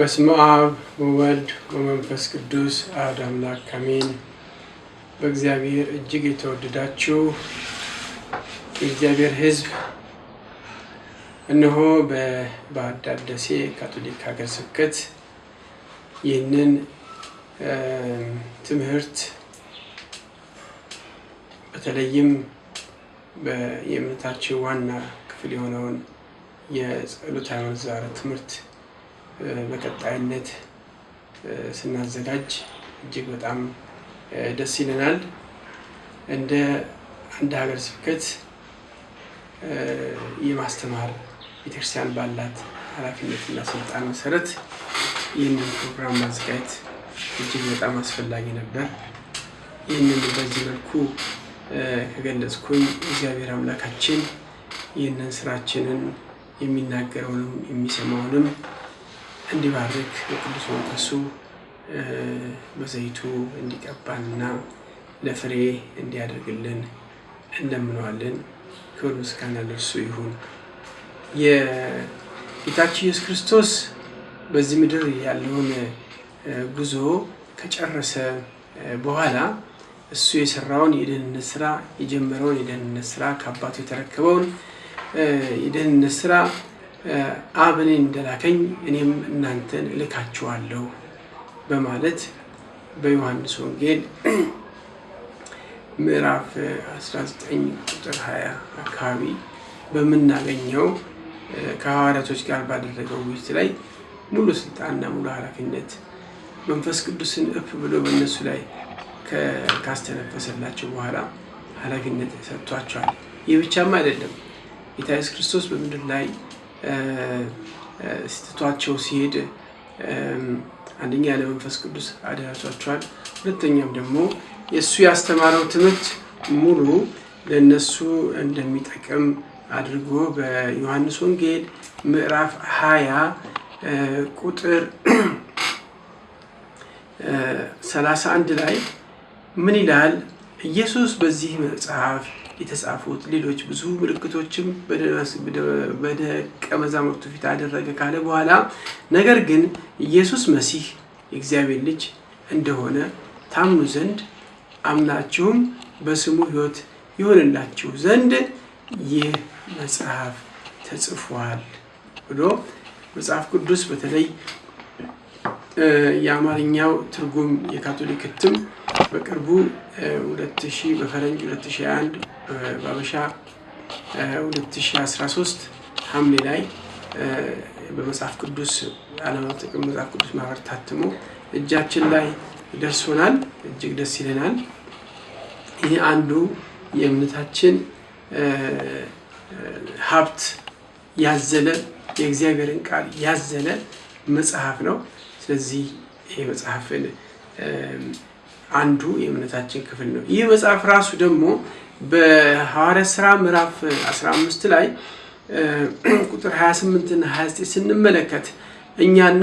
በስመ አብ ወወልድ ወመንፈስ ቅዱስ አሐዱ አምላክ አሜን። በእግዚአብሔር እጅግ የተወደዳችሁ የእግዚአብሔር ሕዝብ እነሆ በባህር ዳር ደሴ ካቶሊክ ሀገረ ስብከት ይህንን ትምህርት በተለይም የእምነታችን ዋና ክፍል የሆነውን የጸሎተ ሃይማኖት ትምህርት በቀጣይነት ስናዘጋጅ እጅግ በጣም ደስ ይለናል። እንደ አንድ ሀገር ስብከት የማስተማር ቤተክርስቲያን ባላት ኃላፊነትና ስልጣን መሰረት ይህንን ፕሮግራም ማዘጋጀት እጅግ በጣም አስፈላጊ ነበር። ይህንን በዚህ መልኩ ከገለጽኩኝ እግዚአብሔር አምላካችን ይህንን ስራችንን የሚናገረውንም የሚሰማውንም እንዲባርክ በቅዱስ መንፈሱ በዘይቱ እንዲቀባንና ለፍሬ እንዲያደርግልን እንለምነዋለን። ክብር ምስጋና ለእርሱ ይሁን። የጌታችን ኢየሱስ ክርስቶስ በዚህ ምድር ያለውን ጉዞ ከጨረሰ በኋላ እሱ የሰራውን የደህንነት ስራ የጀመረውን የደህንነት ስራ ከአባቱ የተረከበውን የደህንነት ስራ አብ እኔን እንደላከኝ እኔም እናንተን እልካችኋለሁ በማለት በዮሐንስ ወንጌል ምዕራፍ 19 ቁጥር 20 አካባቢ በምናገኘው ከሐዋርያቶች ጋር ባደረገው ውይይት ላይ ሙሉ ስልጣንና ሙሉ ኃላፊነት መንፈስ ቅዱስን እፍ ብሎ በእነሱ ላይ ካስተነፈሰላቸው በኋላ ኃላፊነት ሰጥቷቸዋል። ይህ ብቻም አይደለም። ጌታ ኢየሱስ ክርስቶስ በምድር ላይ ስትቷቸው ሲሄድ አንደኛ ያለ መንፈስ ቅዱስ አድራቷቸዋል። ሁለተኛም ደግሞ የእሱ ያስተማረው ትምህርት ሙሉ ለእነሱ እንደሚጠቅም አድርጎ በዮሐንስ ወንጌል ምዕራፍ ሀያ ቁጥር ሰላሳ አንድ ላይ ምን ይላል? ኢየሱስ በዚህ መጽሐፍ የተጻፉት ሌሎች ብዙ ምልክቶችም በደቀ መዛሙርቱ ፊት አደረገ ካለ በኋላ ነገር ግን ኢየሱስ መሲህ የእግዚአብሔር ልጅ እንደሆነ ታምኑ ዘንድ አምናችሁም በስሙ ህይወት ይሆንላችሁ ዘንድ ይህ መጽሐፍ ተጽፏል ብሎ መጽሐፍ ቅዱስ በተለይ የአማርኛው ትርጉም የካቶሊክ ህትም በቅርቡ 2000 በፈረንጅ 2021 በአበሻ 2013 ሐምሌ ላይ በመጽሐፍ ቅዱስ ዓለም አቀፍ መጽሐፍ ቅዱስ ማህበር ታትሞ እጃችን ላይ ደርሶናል። እጅግ ደስ ይለናል። ይህ አንዱ የእምነታችን ሀብት ያዘለ የእግዚአብሔርን ቃል ያዘለ መጽሐፍ ነው። ስለዚህ ይህ መጽሐፍን አንዱ የእምነታችን ክፍል ነው። ይህ መጽሐፍ ራሱ ደግሞ በሐዋርያ ሥራ ምዕራፍ 15 ላይ ቁጥር 28 እና 29 ስንመለከት እኛና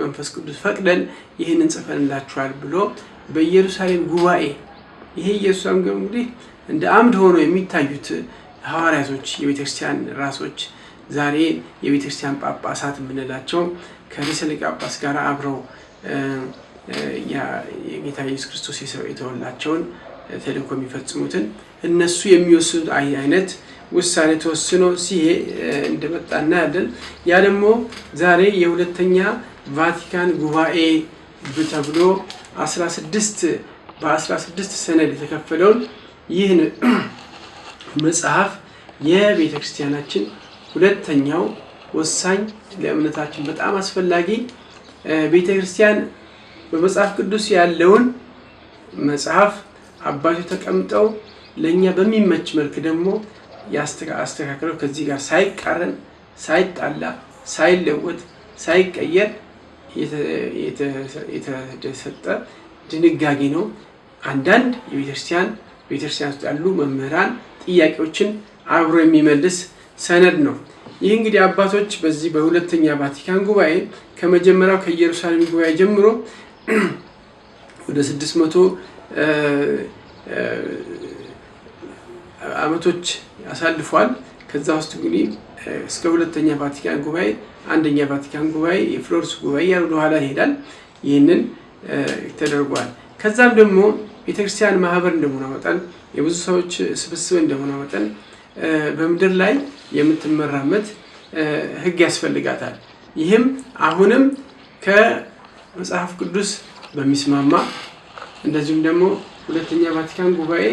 መንፈስ ቅዱስ ፈቅደን ይህንን ጽፈንላችኋል ብሎ በኢየሩሳሌም ጉባኤ ይሄ ኢየሩሳሌም እንግዲህ እንደ አምድ ሆኖ የሚታዩት ሐዋርያቶች የቤተክርስቲያን ራሶች ዛሬ የቤተክርስቲያን ጳጳሳት የምንላቸው ከርዕሰ ሊቃነ ጳጳሳት ጋር አብረው የጌታ ኢየሱስ ክርስቶስ የተወላቸውን ተልእኮ የሚፈጽሙትን እነሱ የሚወስኑት አይነት ውሳኔ ተወስኖ ሲሄ እንደመጣ እናያለን። ያ ደግሞ ዛሬ የሁለተኛ ቫቲካን ጉባኤ ተብሎ በ16 ሰነድ የተከፈለውን ይህን መጽሐፍ የቤተ ክርስቲያናችን ሁለተኛው ወሳኝ ለእምነታችን በጣም አስፈላጊ ቤተ ክርስቲያን በመጽሐፍ ቅዱስ ያለውን መጽሐፍ አባቱ ተቀምጠው ለእኛ በሚመች መልክ ደግሞ አስተካክለው ከዚህ ጋር ሳይቃረን ሳይጣላ ሳይለወጥ ሳይቀየር የተሰጠ ድንጋጌ ነው። አንዳንድ የቤተክርስቲያን ቤተክርስቲያን ውስጥ ያሉ መምህራን ጥያቄዎችን አብሮ የሚመልስ ሰነድ ነው። ይህ እንግዲህ አባቶች በዚህ በሁለተኛ ቫቲካን ጉባኤ ከመጀመሪያው ከኢየሩሳሌም ጉባኤ ጀምሮ ወደ ስድስት መቶ አመቶች አሳልፏል። ከዛ ውስጥ እንግዲህ እስከ ሁለተኛ ቫቲካን ጉባኤ፣ አንደኛ ቫቲካን ጉባኤ፣ የፍሎርስ ጉባኤ ያ ወደኋላ ይሄዳል። ይህንን ተደርጓል። ከዛም ደግሞ ቤተክርስቲያን ማህበር እንደሆነ መጠን የብዙ ሰዎች ስብስብ እንደሆነ መጠን በምድር ላይ የምትመራመት ህግ ያስፈልጋታል። ይህም አሁንም ከመጽሐፍ ቅዱስ በሚስማማ እንደዚሁም ደግሞ ሁለተኛ ቫቲካን ጉባኤ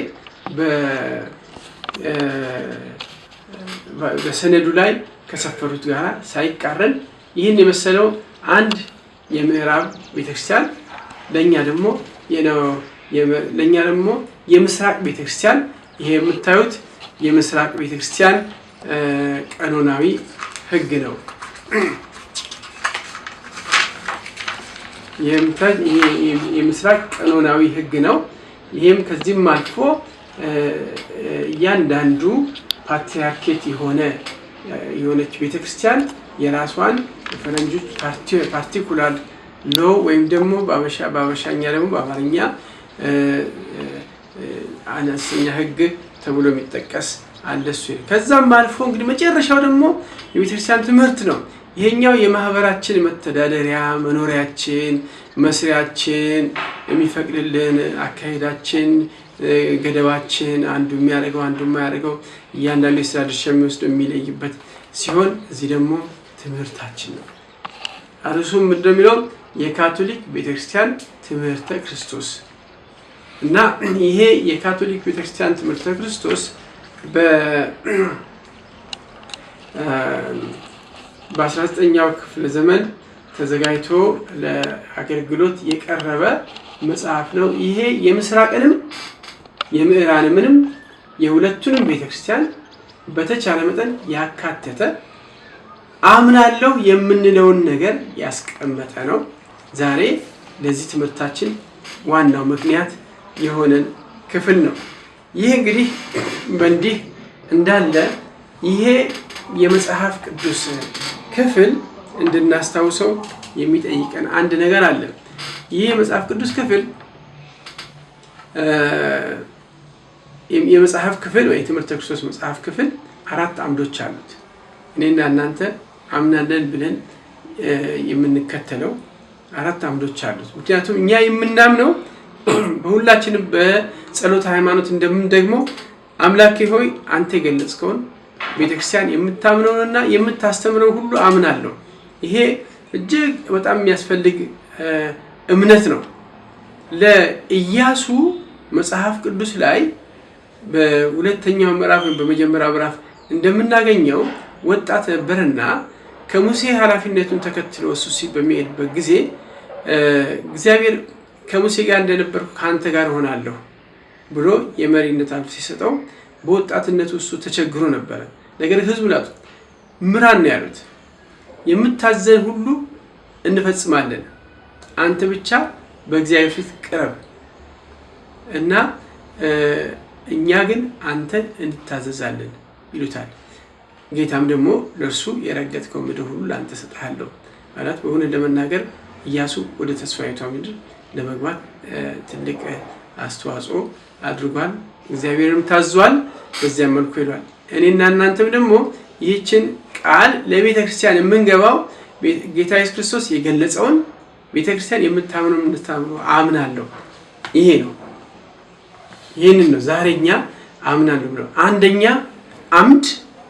በሰነዱ ላይ ከሰፈሩት ጋር ሳይቃረን ይህን የመሰለው አንድ የምዕራብ ቤተክርስቲያን ለእኛ ደግሞ ለእኛ ደግሞ የምስራቅ ቤተክርስቲያን ይሄ የምታዩት የምስራቅ ቤተክርስቲያን ቀኖናዊ ህግ ነው። የምስራቅ ቀኖናዊ ህግ ነው። ይህም ከዚህም አልፎ እያንዳንዱ ፓትሪያርኬት የሆነ የሆነች ቤተክርስቲያን የራሷን የፈረንጆች ፓርቲኩላር ሎ ወይም ደግሞ በአበሻኛ ደግሞ በአማርኛ አነስተኛ ህግ ተብሎ የሚጠቀስ አለ። እሱ ከዛም አልፎ እንግዲህ መጨረሻው ደግሞ የቤተክርስቲያን ትምህርት ነው። ይህኛው የማህበራችን መተዳደሪያ መኖሪያችን መስሪያችን የሚፈቅድልን አካሄዳችን ገደባችን አንዱ የሚያደርገው አንዱ የማያደርገው እያንዳንዱ የስራ ድርሻ የሚወስድ የሚለይበት ሲሆን እዚህ ደግሞ ትምህርታችን ነው። እርሱም ምንድን ነው የሚለው የካቶሊክ ቤተክርስቲያን ትምህርተ ክርስቶስ እና ይሄ የካቶሊክ ቤተክርስቲያን ትምህርተ ክርስቶስ በ በ19ኛው ክፍለ ዘመን ተዘጋጅቶ ለአገልግሎት የቀረበ መጽሐፍ ነው። ይሄ የምስራቅንም የምዕራንምንም የሁለቱንም ቤተክርስቲያን በተቻለ መጠን ያካተተ አምናለሁ የምንለውን ነገር ያስቀመጠ ነው። ዛሬ ለዚህ ትምህርታችን ዋናው ምክንያት የሆነን ክፍል ነው። ይህ እንግዲህ በእንዲህ እንዳለ ይሄ የመጽሐፍ ቅዱስ ክፍል እንድናስታውሰው የሚጠይቀን አንድ ነገር አለ። ይህ የመጽሐፍ ቅዱስ ክፍል የመጽሐፍ ክፍል ወይ ትምህርተ ክርስቶስ መጽሐፍ ክፍል አራት አምዶች አሉት። እኔና እናንተ አምናለን ብለን የምንከተለው አራት አምዶች አሉት። ምክንያቱም እኛ የምናምነው በሁላችንም በጸሎት ሃይማኖት እንደምን ደግሞ አምላኬ ሆይ አንተ የገለጽከውን ቤተክርስቲያን የምታምነውንና የምታስተምረው ሁሉ አምናለሁ። ይሄ እጅግ በጣም የሚያስፈልግ እምነት ነው። ለኢያሱ መጽሐፍ ቅዱስ ላይ በሁለተኛው ምዕራፍ በመጀመሪያው ምዕራፍ እንደምናገኘው ወጣት ነበርና ከሙሴ ኃላፊነቱን ተከትሎ እሱ ሲ በሚሄድበት ጊዜ እግዚአብሔር ከሙሴ ጋር እንደነበርኩ ከአንተ ጋር ሆናለሁ ብሎ የመሪነት አልፍ ሲሰጠው በወጣትነቱ እሱ ተቸግሮ ነበረ። ነገር ህዝብ ላቱ ምራን ነው ያሉት። የምታዘን ሁሉ እንፈጽማለን፣ አንተ ብቻ በእግዚአብሔር ፊት ቅረብ እና እኛ ግን አንተን እንታዘዛለን ይሉታል። ጌታም ደግሞ ለእርሱ የረገጥከው ምድር ሁሉ ለአንተ ሰጥሃለሁ ማለት በሆነ ለመናገር እያሱ ወደ ተስፋዊቷ ምድር ለመግባት ትልቅ አስተዋጽኦ አድርጓል። እግዚአብሔርም ታዟል። በዚያም መልኩ ይሏል። እኔና እናንተም ደግሞ ይህችን ቃል ለቤተ ክርስቲያን የምንገባው ጌታ ኢየሱስ ክርስቶስ የገለጸውን ቤተ ክርስቲያን የምታምኑ እንድታምኑ አምናለሁ። ይሄ ነው። ይህንን ነው ዛሬ እኛ አምናለሁ ብለው አንደኛ አምድ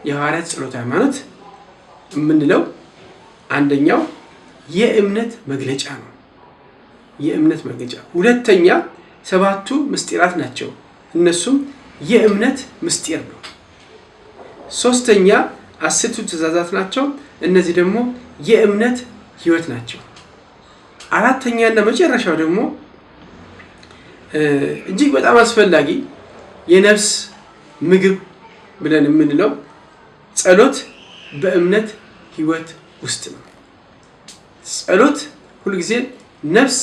የሐዋርያት ጸሎት ሃይማኖት የምንለው አንደኛው የእምነት መግለጫ ነው። የእምነት መግለጫ ሁለተኛ ሰባቱ ምስጢራት ናቸው። እነሱም የእምነት ምስጢር ነው። ሶስተኛ አስርቱ ትእዛዛት ናቸው። እነዚህ ደግሞ የእምነት ህይወት ናቸው። አራተኛና መጨረሻው ደግሞ እጅግ በጣም አስፈላጊ የነፍስ ምግብ ብለን የምንለው ጸሎት በእምነት ህይወት ውስጥ ነው። ጸሎት ሁልጊዜ ነፍስ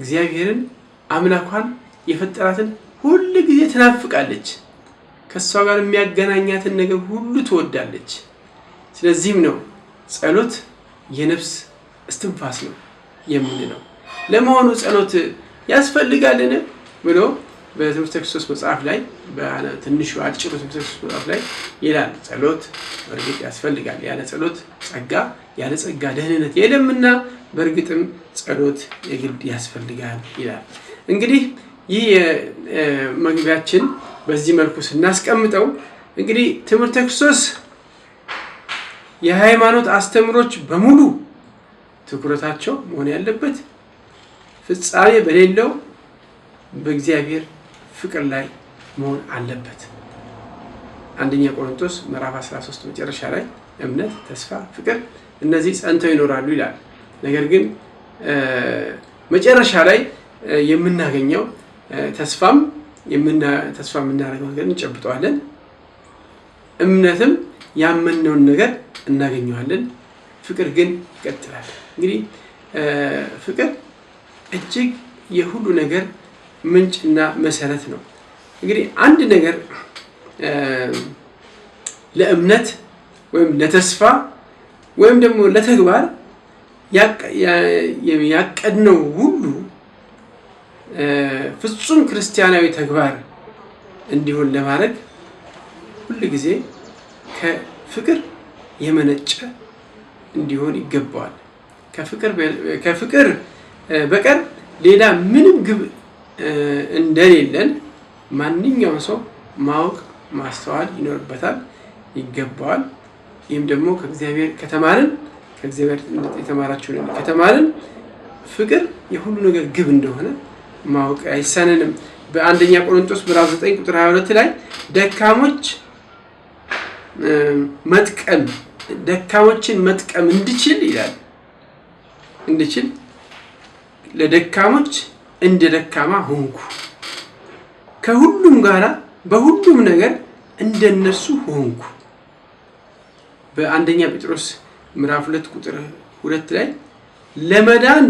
እግዚአብሔርን አምላኳን የፈጠራትን ጊዜ ትናፍቃለች። ከእሷ ጋር የሚያገናኛትን ነገር ሁሉ ትወዳለች። ስለዚህም ነው ጸሎት የነፍስ እስትንፋስ ነው የምንለው። ለመሆኑ ጸሎት ያስፈልጋልን ብሎ በትምህርተ ክርስቶስ መጽሐፍ ላይ በትንሹ አጭሩ ትምህርተ ክርስቶስ መጽሐፍ ላይ ይላል። ጸሎት በእርግጥ ያስፈልጋል። ያለ ጸሎት ጸጋ፣ ያለ ጸጋ ደህንነት የለምና በእርግጥም ጸሎት የግድ ያስፈልጋል ይላል። እንግዲህ ይህ መግቢያችን በዚህ መልኩ ስናስቀምጠው እንግዲህ ትምህርተ ክርስቶስ የሃይማኖት አስተምሮች በሙሉ ትኩረታቸው መሆን ያለበት ፍጻሜ በሌለው በእግዚአብሔር ፍቅር ላይ መሆን አለበት። አንደኛ ቆሮንቶስ ምዕራፍ 13 መጨረሻ ላይ እምነት፣ ተስፋ፣ ፍቅር እነዚህ ጸንተው ይኖራሉ ይላል። ነገር ግን መጨረሻ ላይ የምናገኘው ተስፋም ተስፋ የምናደርገው ነገር እንጨብጠዋለን። እምነትም ያመንነውን ነገር እናገኘዋለን። ፍቅር ግን ይቀጥላል። እንግዲህ ፍቅር እጅግ የሁሉ ነገር ምንጭና መሰረት ነው። እንግዲህ አንድ ነገር ለእምነት ወይም ለተስፋ ወይም ደግሞ ለተግባር ያቀድነው ሁሉ ፍጹም ክርስቲያናዊ ተግባር እንዲሆን ለማድረግ ሁል ጊዜ ከፍቅር የመነጨ እንዲሆን ይገባዋል። ከፍቅር በቀር ሌላ ምንም ግብ እንደሌለን ማንኛውም ሰው ማወቅ ማስተዋል ይኖርበታል፣ ይገባዋል። ይህም ደግሞ ከእግዚአብሔር ከተማርን ከእግዚአብሔር የተማራችሁን ከተማርን ፍቅር የሁሉ ነገር ግብ እንደሆነ ማወቅ አይሳነንም። በአንደኛ ቆሮንቶስ ምዕራፍ 9 ቁጥር 22 ላይ ደካሞች መጥቀም ደካሞችን መጥቀም እንድችል ይላል እንድችል ለደካሞች እንደ ደካማ ሆንኩ፣ ከሁሉም ጋር በሁሉም ነገር እንደነሱ ሆንኩ። በአንደኛ ጴጥሮስ ምዕራፍ 2 ቁጥር 2 ላይ ለመዳን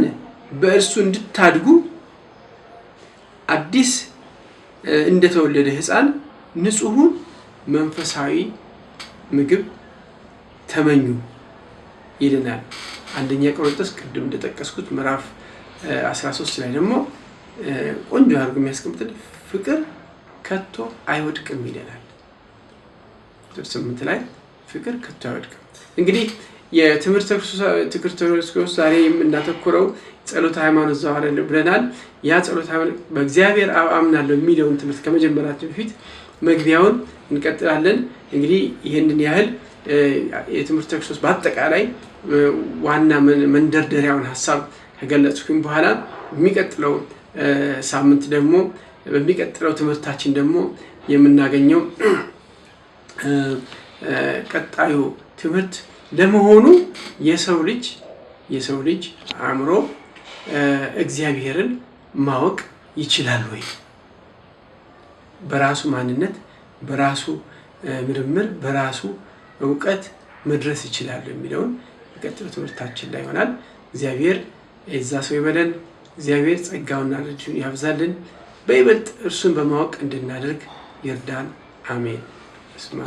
በእርሱ እንድታድጉ አዲስ እንደተወለደ ህፃን ንጹሁን መንፈሳዊ ምግብ ተመኙ ይልናል። አንደኛ ቆሮንቶስ ቅድም እንደጠቀስኩት ምዕራፍ 13 ላይ ደግሞ ቆንጆ አድርጎ የሚያስቀምጥል ፍቅር ከቶ አይወድቅም ይለናል። ቁጥር ስምንት ላይ ፍቅር ከቶ አይወድቅም እንግዲህ የትምህርት ተኩስ ዛሬ የምናተኩረው ጸሎተ ሃይማኖት ዘዋህድ ብለናል። ያ ጸሎተ ሃይማኖት በእግዚአብሔር አብ አምናለሁ የሚለውን ትምህርት ከመጀመራችን በፊት መግቢያውን እንቀጥላለን። እንግዲህ ይህንን ያህል የትምህርት ክርስቶስ በአጠቃላይ ዋና መንደርደሪያውን ሀሳብ ከገለጽኩኝ በኋላ የሚቀጥለው ሳምንት ደግሞ በሚቀጥለው ትምህርታችን ደግሞ የምናገኘው ቀጣዩ ትምህርት ለመሆኑ የሰው ልጅ የሰው ልጅ አእምሮ እግዚአብሔርን ማወቅ ይችላል ወይ? በራሱ ማንነት፣ በራሱ ምርምር፣ በራሱ እውቀት መድረስ ይችላል የሚለውን በቀጥሎ ትምህርታችን ላይ ይሆናል። እግዚአብሔር የዛ ሰው ይበለን። እግዚአብሔር ጸጋውና ልጁን ያብዛልን። በይበልጥ እርሱን በማወቅ እንድናደርግ ይርዳን። አሜን።